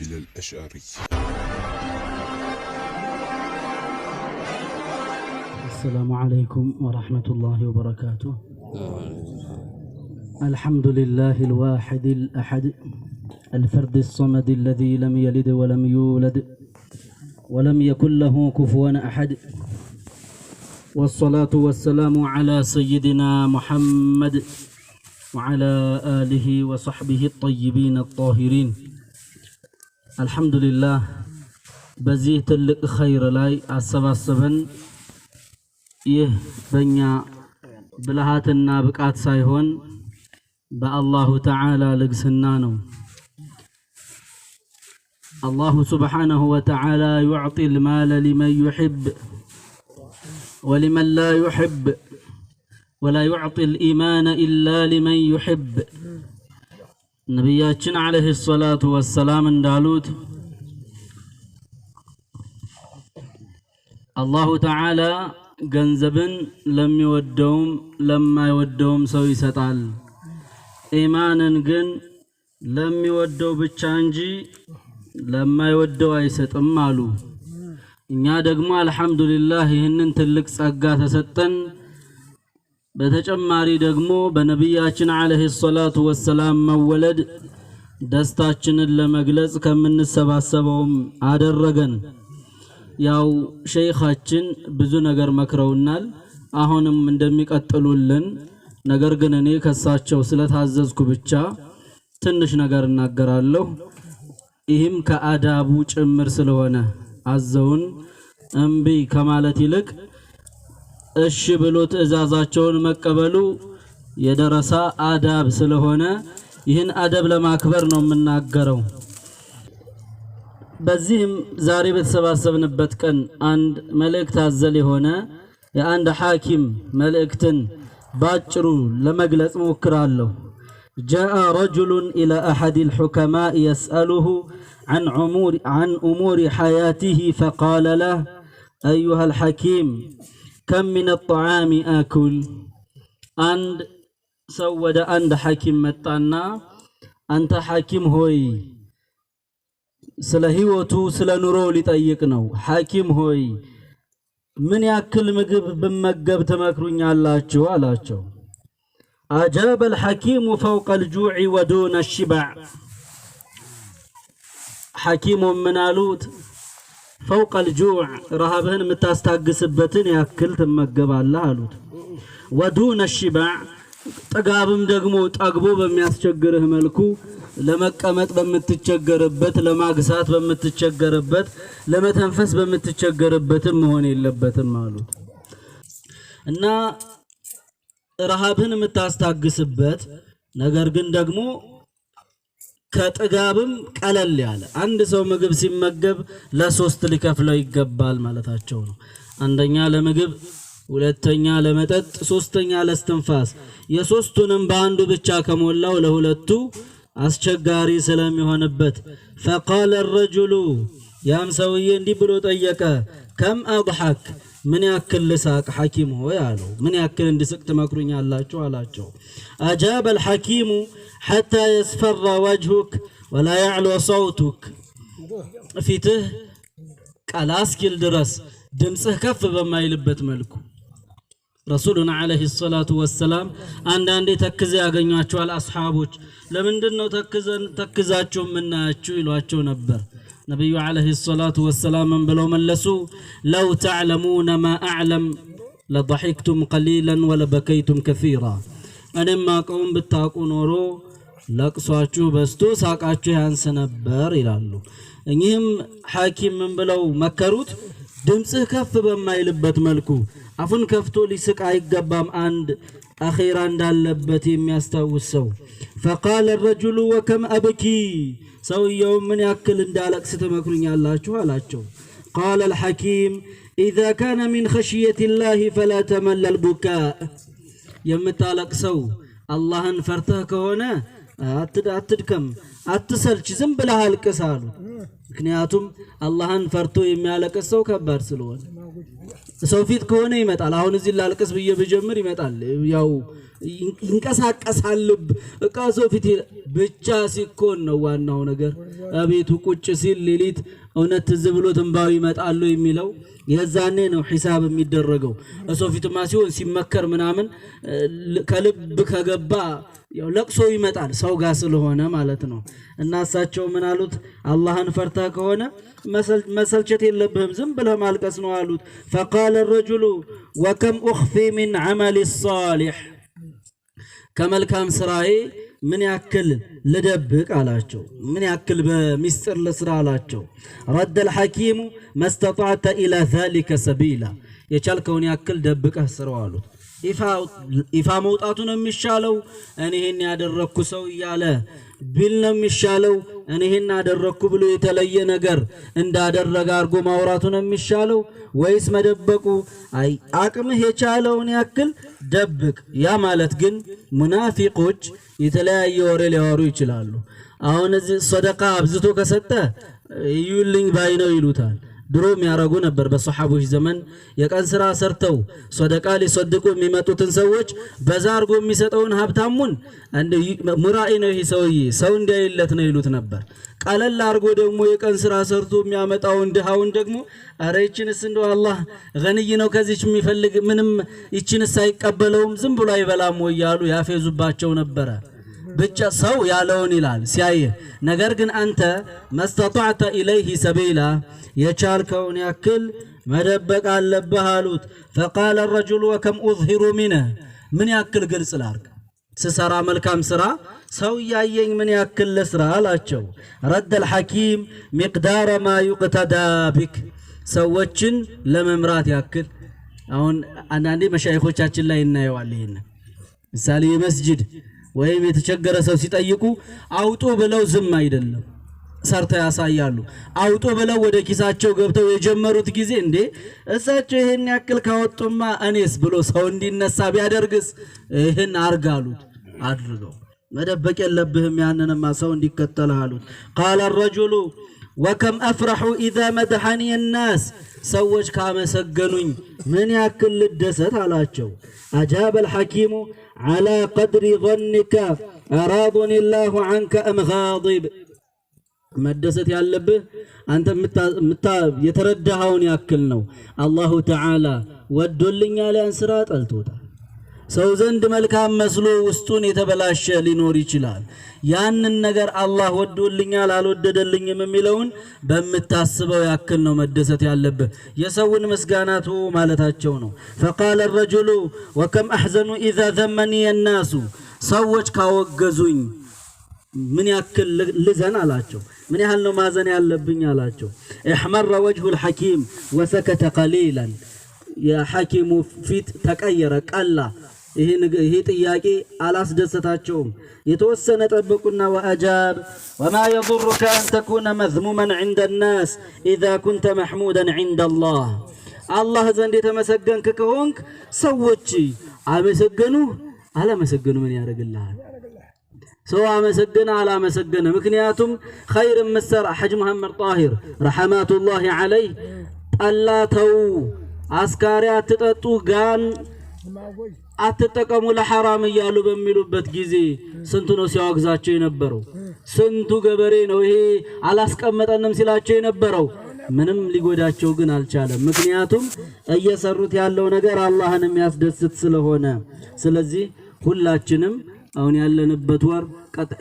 بلا الأشعري السلام عليكم ورحمة الله وبركاته الحمد لله الواحد الأحد الفرد الصمد الذي لم يلد ولم يولد ولم يكن له كفوا أحد والصلاة والسلام على سيدنا محمد وعلى آله وصحبه الطيبين الطاهرين الحمد لله بزيه تلك خير لاي السبع سبن يه بنيا بلهات النابكات سايهون با الله تعالى لقسنانو الله سبحانه وتعالى يعطي المال لمن يحب ولمن لا يحب ولا يعطي الإيمان إلا لمن يحب ነቢያችን ዓለይሂ ሰላቱ ወሰላም እንዳሉት አላሁ ተዓላ ገንዘብን ለሚወደውም ለማይወደውም ሰው ይሰጣል። ኢማንን ግን ለሚወደው ብቻ እንጂ ለማይወደው አይሰጥም አሉ። እኛ ደግሞ አልሐምዱሊላህ ይህንን ትልቅ ጸጋ ተሰጠን። በተጨማሪ ደግሞ በነቢያችን አለይሂ ሰላቱ ወሰላም መወለድ ደስታችንን ለመግለጽ ከምንሰባሰበውም አደረገን። ያው ሸይኻችን ብዙ ነገር መክረውናል፣ አሁንም እንደሚቀጥሉልን። ነገር ግን እኔ ከሳቸው ስለታዘዝኩ ብቻ ትንሽ ነገር እናገራለሁ። ይህም ከአዳቡ ጭምር ስለሆነ አዘውን እምቢ ከማለት ይልቅ እሺ ብሎ ትዕዛዛቸውን መቀበሉ የደረሳ አዳብ ስለሆነ ይህን አደብ ለማክበር ነው የምናገረው። በዚህም ዛሬ በተሰባሰብንበት ቀን አንድ መልእክት አዘል የሆነ የአንድ ሐኪም መልእክትን ባጭሩ ለመግለጽ ሞክራለሁ። ጃአ ረጁሉን ኢላ አሐድ ልሑከማእ የስአሉሁ عن أمور حياته فقال له أيها الحكيم ከም ጣዓሚ አኩል። አንድ ሰው ወደ አንድ ሐኪም መጣና አንተ ሐኪም ሆይ ስለ ህይወቱ ስለ ኑሮው ሊጠይቅ ነው። ሐኪም ሆይ ምን ያክል ምግብ ብመገብ ትመክሩኛላችሁ? አላቸው። አጃበ አልሐኪሙ ፈውቀ አልጁዕ ወዱነ አሽባዕ ሐኪሙም ምን አሉት? ፈውቀል ጁዕ ረሃብህን የምታስታግስበትን ያክል ትመገባለህ አሉት። ወዱነ ሽባዕ ጥጋብም ደግሞ ጠግቦ በሚያስቸግርህ መልኩ ለመቀመጥ በምትቸገርበት፣ ለማግሳት በምትቸገርበት፣ ለመተንፈስ በምትቸገርበትም መሆን የለበትም አሉት እና ረሃብህን የምታስታግስበት ነገር ግን ደግሞ ከጥጋብም ቀለል ያለ አንድ ሰው ምግብ ሲመገብ ለሶስት ሊከፍለው ይገባል ማለታቸው ነው። አንደኛ ለምግብ፣ ሁለተኛ ለመጠጥ፣ ሶስተኛ ለስትንፋስ። የሶስቱንም በአንዱ ብቻ ከሞላው ለሁለቱ አስቸጋሪ ስለሚሆንበት ፈቃለ ረጁሉ ያም ሰውዬ እንዲህ ብሎ ጠየቀ፣ ከም አድሐክ ምን ያክል ልሳቅ ሐኪም ሆይ አለው። ምን ያክል እንድስቅ ትመክሩኛላችሁ አላቸው። አጃበ አልሐኪሙ ሐታ የስፈራ ወጅሁክ ወላ ያዕሎ ሰውቱክ፣ ፊትህ ቀላ እስኪል ድረስ ድምፅህ ከፍ በማይልበት መልኩ ረሱሉና ዓለይሂ ሰላቱ ወሰላም አንዳንዴ ተክዘ ያገኟቸዋል አስሓቦች። ለምንድን ነው ተክዛችሁ የምናያችሁ ይሏቸው ነበር። ነቢዩ ዓለይሂ ሰላቱ ወሰላም ብለው መለሱ፣ ለው ተዕለሙነ ማ አዕለም ለደሒክቱም ቀሊለን ወለበከይቱም ከፊራ እኔም አውቀውን ብታቁ ኖሮ ለቅሷችሁ በዝቶ ሳቃችሁ ያንስ ነበር ይላሉ። እኚህም ሐኪም ምን ብለው መከሩት? ድምፅህ ከፍ በማይልበት መልኩ አፉን ከፍቶ ሊስቅ አይገባም። አንድ አኼራ እንዳለበት የሚያስታውስ ሰው ፈቃለ ረጁሉ ወከም አብኪ፣ ሰውየው ምን ያክል እንዳለቅስ ትመክሩኛላችሁ አላቸው። ቃለ አልሐኪም ኢዛ ካነ ሚን ኸሽየት ላህ ፈላ ተመለል ቡካእ፣ የምታለቅሰው አላህን ፈርተህ ከሆነ አትድከም አትሰልች፣ ዝም ብለህ አልቅስ አሉ። ምክንያቱም አላህን ፈርቶ የሚያለቅስ ሰው ከባድ ስለሆነ ሰው ፊት ከሆነ ይመጣል። አሁን እዚህ ላልቅስ ብዬ ብጀምር ይመጣል፣ ያው ይንቀሳቀሳል። እቃ ሰው ፊት ብቻ ሲኮን ነው ዋናው ነገር። እቤቱ ቁጭ ሲል ሌሊት እውነት ትዝ ብሎ ትንባው ይመጣሉ የሚለው የዛኔ ነው ሂሳብ የሚደረገው። ሰው ፊትማ ሲሆን ሲመከር ምናምን ከልብ ከገባ ያው ለቅሶ ይመጣል ሰው ጋር ስለሆነ ማለት ነው። እና እሳቸው ምን አሉት? አላህን ፈርተህ ከሆነ መሰልቸት የለብህም ዝም ብለህ ማልቀስ ነው አሉት። ፈቃለ ረጅሉ ወከም ኡኽፊ ሚን ዐመል ሳሊሕ ከመልካም ስራዬ ምን ያክል ልደብቅ አላቸው። ምን ያክል በሚስጥር ልስራ አላቸው። ረደ ልሐኪሙ መስተጣዕተ ኢላ ዛሊከ ሰቢላ የቻልከውን ያክል ደብቀህ ስረው አሉት። ይፋ መውጣቱ ነው የሚሻለው። እኔ ይሄን ያደረግኩ ሰው እያለ ቢል ነው የሚሻለው። እኔ ይሄን አደረግኩ ብሎ የተለየ ነገር እንዳደረገ አድርጎ ማውራቱ ነው የሚሻለው ወይስ መደበቁ? አይ አቅምህ የቻለውን ያክል ደብቅ። ያ ማለት ግን ሙናፊቆች የተለያየ ወሬ ሊያወሩ ይችላሉ። አሁን እዚህ ሰደቃ አብዝቶ ከሰጠ እዩልኝ ባይ ነው ይሉታል። ድሮ የሚያረጉ ነበር። በሰሓቦች ዘመን የቀን ስራ ሰርተው ሶደቃ ሊሰድቁ የሚመጡትን ሰዎች በዛ አርጎ የሚሰጠውን ሀብታሙን ሙራኢ ነው ይሄ ሰውዬ ሰው እንዲያይለት ነው ይሉት ነበር። ቀለል አርጎ ደግሞ የቀን ስራ ሰርቶ የሚያመጣውን ድሃውን ደግሞ አረ ይችንስ እንደ አላህ ገንይ ነው ከዚች የሚፈልግ ምንም ይችንስ አይቀበለውም ዝም ብሎ አይበላም ወይ እያሉ ያፌዙባቸው ነበረ። ብቻ ሰው ያለውን ይላል ሲያየ ነገር ግን አንተ መስተጣዕተ ኢለይህ ሰቢላ የቻልከውን ያክል መደበቅ አለብህ አሉት። ፈቃለ ረጅሉ ወከም ኡዝሂሩ ሚነህ ምን ያክል ግልጽ ላርግ ስሰራ መልካም ስራ ሰው እያየኝ ምን ያክል ለስራ አላቸው። ረደ ልሐኪም ሚቅዳረ ማ ዩቅተዳ ቢክ ሰዎችን ለመምራት ያክል አሁን አንዳንዴ መሻይኮቻችን ላይ እናየዋል። ይህን ምሳሌ የመስጅድ ወይም የተቸገረ ሰው ሲጠይቁ አውጡ ብለው ዝም አይደለም ሰርተው ያሳያሉ። አውጡ ብለው ወደ ኪሳቸው ገብተው የጀመሩት ጊዜ እንዴ እሳቸው ይህን ያክል ካወጡማ እኔስ ብሎ ሰው እንዲነሳ ቢያደርግስ? ይህን አርግ አሉት። አድርገው መደበቅ የለብህም ያንንማ ሰው እንዲከተል አሉት። ቃለ ረጁሉ ወከም አፍራሑ ኢዛ መድሐኒ ናስ ሰዎች ካመሰገኑኝ ምን ያክል ልደሰት አላቸው። አጃበ አልሐኪሙ ዓላ ቀድሪ ظንከ አራضኒ ላሁ አንከ አም መደሰት ያለብህ አንተ የተረዳኸውን ያክል ነው። አላሁ ተዓላ ወዶልኛል ያን ስራ ጠልቶታል። ሰው ዘንድ መልካም መስሎ ውስጡን የተበላሸ ሊኖር ይችላል። ያንን ነገር አላህ ወዶልኛል አልወደደልኝም የሚለውን በምታስበው ያክል ነው መደሰት ያለብህ። የሰውን ምስጋናቱ ማለታቸው ነው። ፈቃለ ረጅሉ ወከም አሕዘኑ ኢዛ ዘመኒ የናሱ ሰዎች ካወገዙኝ ምን ያክል ልዘን አላቸው። ምን ያህል ነው ማዘን ያለብኝ አላቸው። እሕመረ ወጅሁል ሐኪም ወሰከተ ቀሊላን የሐኪሙ ፊት ተቀየረ፣ ቀላ። ይሄ ጥያቄ አላስደሰታቸውም። የተወሰነ ጠበቁና ወአጃብ ወማ የضሩከ አን ተኩነ መዝሙመን ዐንደ ናስ ኢዛ ኩንተ መሕሙደን ዐንደ አላህ አላህ ዘንድ የተመሰገንክ ከሆንክ ሰዎች አመሰገኑ አላመሰገኑ ምን ያደርግልሃል? ሰው አመሰገነ አላመሰገነ፣ ምክንያቱም ኸይር ምሰራ ሐጅ መሐመድ ጣሂር ረሐማቱላሂ ዐለይህ ጠላተው አስካሪ አትጠጡ፣ ጋን አትጠቀሙ ለሐራም እያሉ በሚሉበት ጊዜ ስንቱ ነው ሲያወግዛቸው የነበረው? ስንቱ ገበሬ ነው ይሄ አላስቀመጠንም ሲላቸው የነበረው? ምንም ሊጎዳቸው ግን አልቻለም። ምክንያቱም እየሰሩት ያለው ነገር አላህን የሚያስደስት ስለሆነ። ስለዚህ ሁላችንም አሁን ያለንበት ወር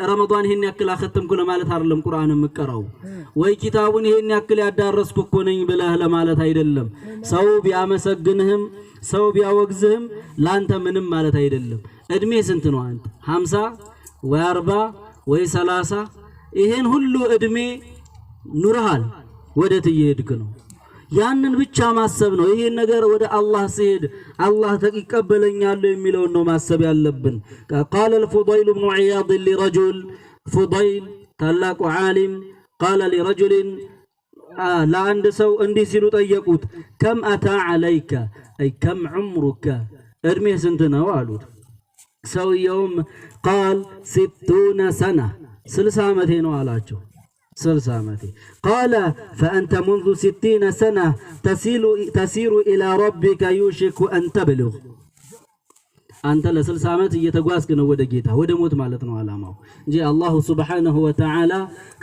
ረመዷን ይሄን ያክል አከተምኩ ለማለት አይደለም። ቁርአን የምቀራው ወይ ኪታቡን ይሄን ያክል ያዳረስኩ እኮ ነኝ ብለህ ለማለት አይደለም። ሰው ቢያመሰግንህም ሰው ቢያወግዝህም ላንተ ምንም ማለት አይደለም። እድሜ ስንት ነው አንተ? 50 ወይ አርባ ወይ 30 ይሄን ሁሉ እድሜ ኑርሃል። ወዴት እየሄድክ ነው? ያንን ብቻ ማሰብ ነው። ይህን ነገር ወደ አላህ ሲሄድ አላህ ይቀበለኛል የሚለውን ነው ማሰብ ያለብን። ቃለ ልፉዳይል ብኑ ዕያድ ሊረጁል ፉዳይል ታላቁ ዓሊም ቃለ ሊረጁልን ለአንድ ሰው እንዲህ ሲሉ ጠየቁት። ከም አታ ዓለይከ አይ ከም ዑምሩከ እድሜ ስንት ነው አሉት። ሰውየውም ቃል ሲቱነ ሰና ስልሳ ዓመቴ ነው አላቸው። ስልሳ ዓመቴ ቃለ ፈአንተ ሙንዙ ሲቲነ ሰነ ተሲሩ ኢላ ረቢከ ዩሽኩ አን ተብሉግ አንተ ለስልሳ ዓመት እየተጓዝክ ነው ወደ ጌታ ወደ ሞት ማለት ነው አላማው። እንጂ አላሁ ሱብሓነሁ ወተዓላ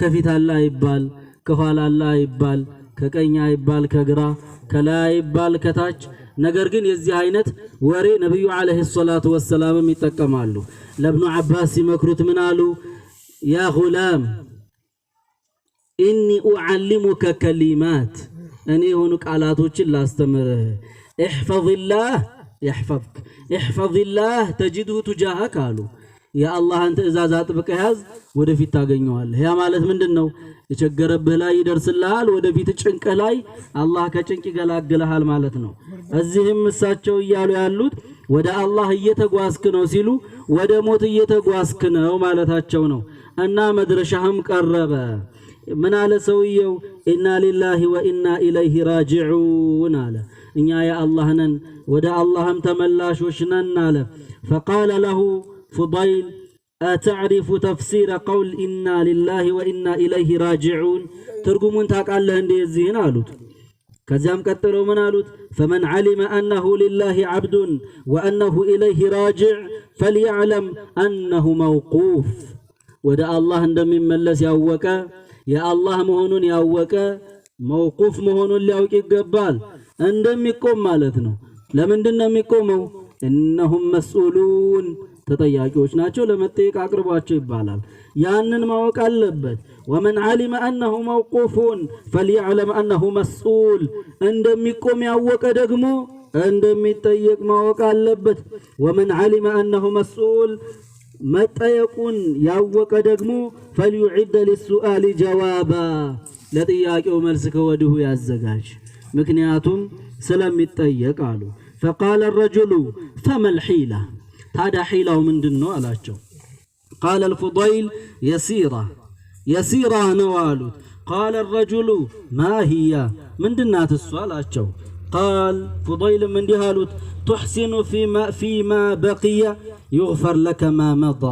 ከፊት አላ ይባል ከኋላ አላ ይባል ከቀኛ ይባል ከግራ ከላይ ይባል ከታች ነገር ግን የዚህ አይነት ወሬ ነቢዩ ዓለይሂ ሰላቱ ወሰላምም ይጠቀማሉ ለብኑ ዓባስ ሲመክሩት ምን አሉ ያ ጉላም ኢኒ ኡዓሊሙከ ከሊማት እኔ የሆኑ ቃላቶችን ላስተምርህ። እሕፈዝላህ የሕፈዝክ እሕፈዝላህ ተጅድሁ ቱጃሃክ አሉ። የአላህን ትእዛዝ አጥብቀህ ያዝ፣ ወደፊት ታገኘዋለህ። ያ ማለት ምንድን ነው? የቸገረብህ ላይ ይደርስልሃል፣ ወደፊት ጭንቅህ ላይ አላህ ከጭንቅ ይገላግልሃል ማለት ነው። እዚህም እሳቸው እያሉ ያሉት ወደ አላህ እየተጓዝክ ነው ሲሉ ወደ ሞት እየተጓዝክ ነው ማለታቸው ነው እና መድረሻህም ቀረበ ምን አለ ሰውየው? ኢና ሊላሂ ወኢና ኢለይሂ ራጅዑን አለ። እኛ የአላህ ነን ወደ አላህም ተመላሾች ነን አለ። ፈቃለ ለሁ ፉዳይል አተዕሪፉ ተፍሲረ ቀውል ኢና ሊላሂ ወኢና ኢለይሂ ራጅዑን ትርጉሙን ታውቃለህ እንዴ እዚህን አሉት። ከዚያም ቀጥለው ምን አሉት? ፈመን ዐሊመ አነሁ ሊላሂ ዐብዱን ወአነሁ ኢለይሂ ራጅዕ ፈልየዕለም አነሁ መውቁፍ ወደ አላህ እንደሚመለስ ያወቀ የአላህ መሆኑን ያወቀ መውቁፍ መሆኑን ሊያውቅ ይገባል። እንደሚቆም ማለት ነው። ለምንድን ነው የሚቆመው? እነሁም መስኡሉን ተጠያቂዎች ናቸው፣ ለመጠየቅ አቅርቧቸው ይባላል። ያንን ማወቅ አለበት። ወመን ዓሊመ አነሁ መውቁፉን ፈልየዕለም አነሁ መስኡል። እንደሚቆም ያወቀ ደግሞ እንደሚጠየቅ ማወቅ አለበት። ወመን ዓሊመ አነሁ መስኡል መጠየቁን ያወቀ ደግሞ ፈልዩዒደ ሊሱአሊ ጀዋባ ለጥያቄው መልስ ከወዲሁ ያዘጋጅ፣ ምክንያቱም ስለሚጠየቅ አሉ። ፈቃለ ረጅሉ ፈመል ሒላ ታዲያ ሒላው ምንድን ነው አላቸው። ቃለ ልፉዳይል የሲራ የሲራ ነው አሉት። ቃለ ረጅሉ ማህያ ምንድናት እሷ አላቸው። ቃል ፉዳይልም እንዲህ አሉት ቱሕሲኑ ፊማ በቅያ ዩግፈር ለከ ማ መዳ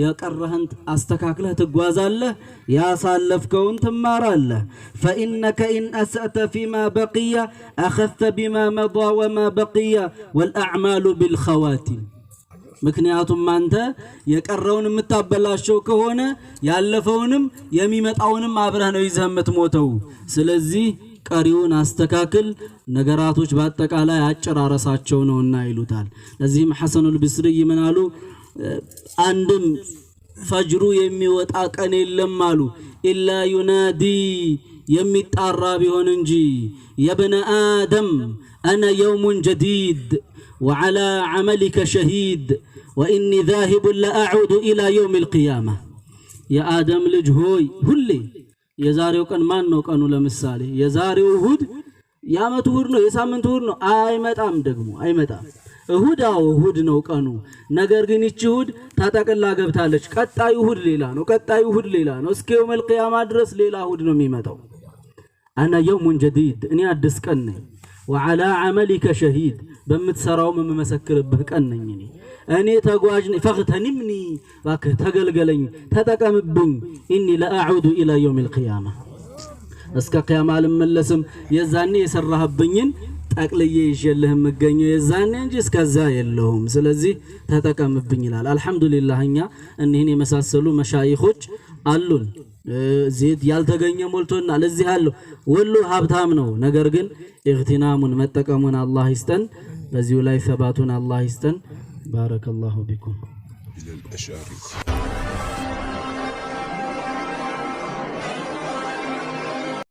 የቀረህን አስተካክለህ ትጓዛለህ፣ ያሳለፍከውን ትማራለህ። ፈኢነከ ኢን አሰእተ ፊማ በቅያ አኸፈ ቢማ መዳ ወማ በቅያ ወልአዕማሉ ቢልኸዋቲም። ምክንያቱም አንተ የቀረውን የምታበላሸው ከሆነ ያለፈውንም የሚመጣውንም አብረህ ነው ይዘህ የምትሞተው። ስለዚህ ቀሪውን አስተካክል፣ ነገራቶች በአጠቃላይ አጨራረሳቸው ነውና ይሉታል። ለዚህም ሐሰኑል ብስርይ ምን አሉ? አንድም ፈጅሩ የሚወጣ ቀን የለም አሉ ኢላ ዩናዲ የሚጣራ ቢሆን እንጂ የብነ አደም አነ የውሙን ጀዲድ ወዓላ ዓመሊከ ሸሂድ ወኢኒ ዛሂቡን ለአዑዱ ኢላ የውም ልቅያማ የአደም ልጅ ሆይ ሁሌ የዛሬው ቀን ማን ነው ቀኑ? ለምሳሌ የዛሬው እሁድ የዓመቱ እሁድ ነው፣ የሳምንቱ እሁድ ነው። አይመጣም ደግሞ አይመጣም። እሁድ አዎ እሁድ ነው ቀኑ። ነገር ግን ይቺ እሁድ ተጠቅላ ገብታለች። ቀጣዩ እሁድ ሌላ ነው፣ ቀጣዩ እሁድ ሌላ ነው። እስከ የውመል ድረስ ሌላ እሁድ ነው የሚመጣው። አና የውሙን ጀዲድ እኔ አዲስ ቀን ነኝ። ወዓላ ዐመሊከ ሸሂድ በምትሰራውም የምመሰክርብህ ቀን ነኝ እኔ እኔ ተጓዥ ፈክተኒምኒ እባክህ ተገልገለኝ፣ ተጠቀምብኝ። ኢኒ ለአዑዱ ኢላ የውም ልቅያማ እስከ ቅያማ አልመለስም። የዛኔ የሰራህብኝን ጠቅልዬ ይዤልህ የምገኘው የዛኔ እንጂ እስከዛ የለሁም። ስለዚህ ተጠቀምብኝ ይላል። አልሐምዱሊላህ እኛ እኒህን የመሳሰሉ መሻይኾች አሉን። ዜት ያልተገኘ ሞልቶና ለዚህ አለው ወሎ ሀብታም ነው። ነገር ግን ኢግቲናሙን መጠቀሙን አላህ ይስጠን። በዚሁ ላይ ሰባቱን አላህ ይስጠን። بارك الله بكم إلى الأشعري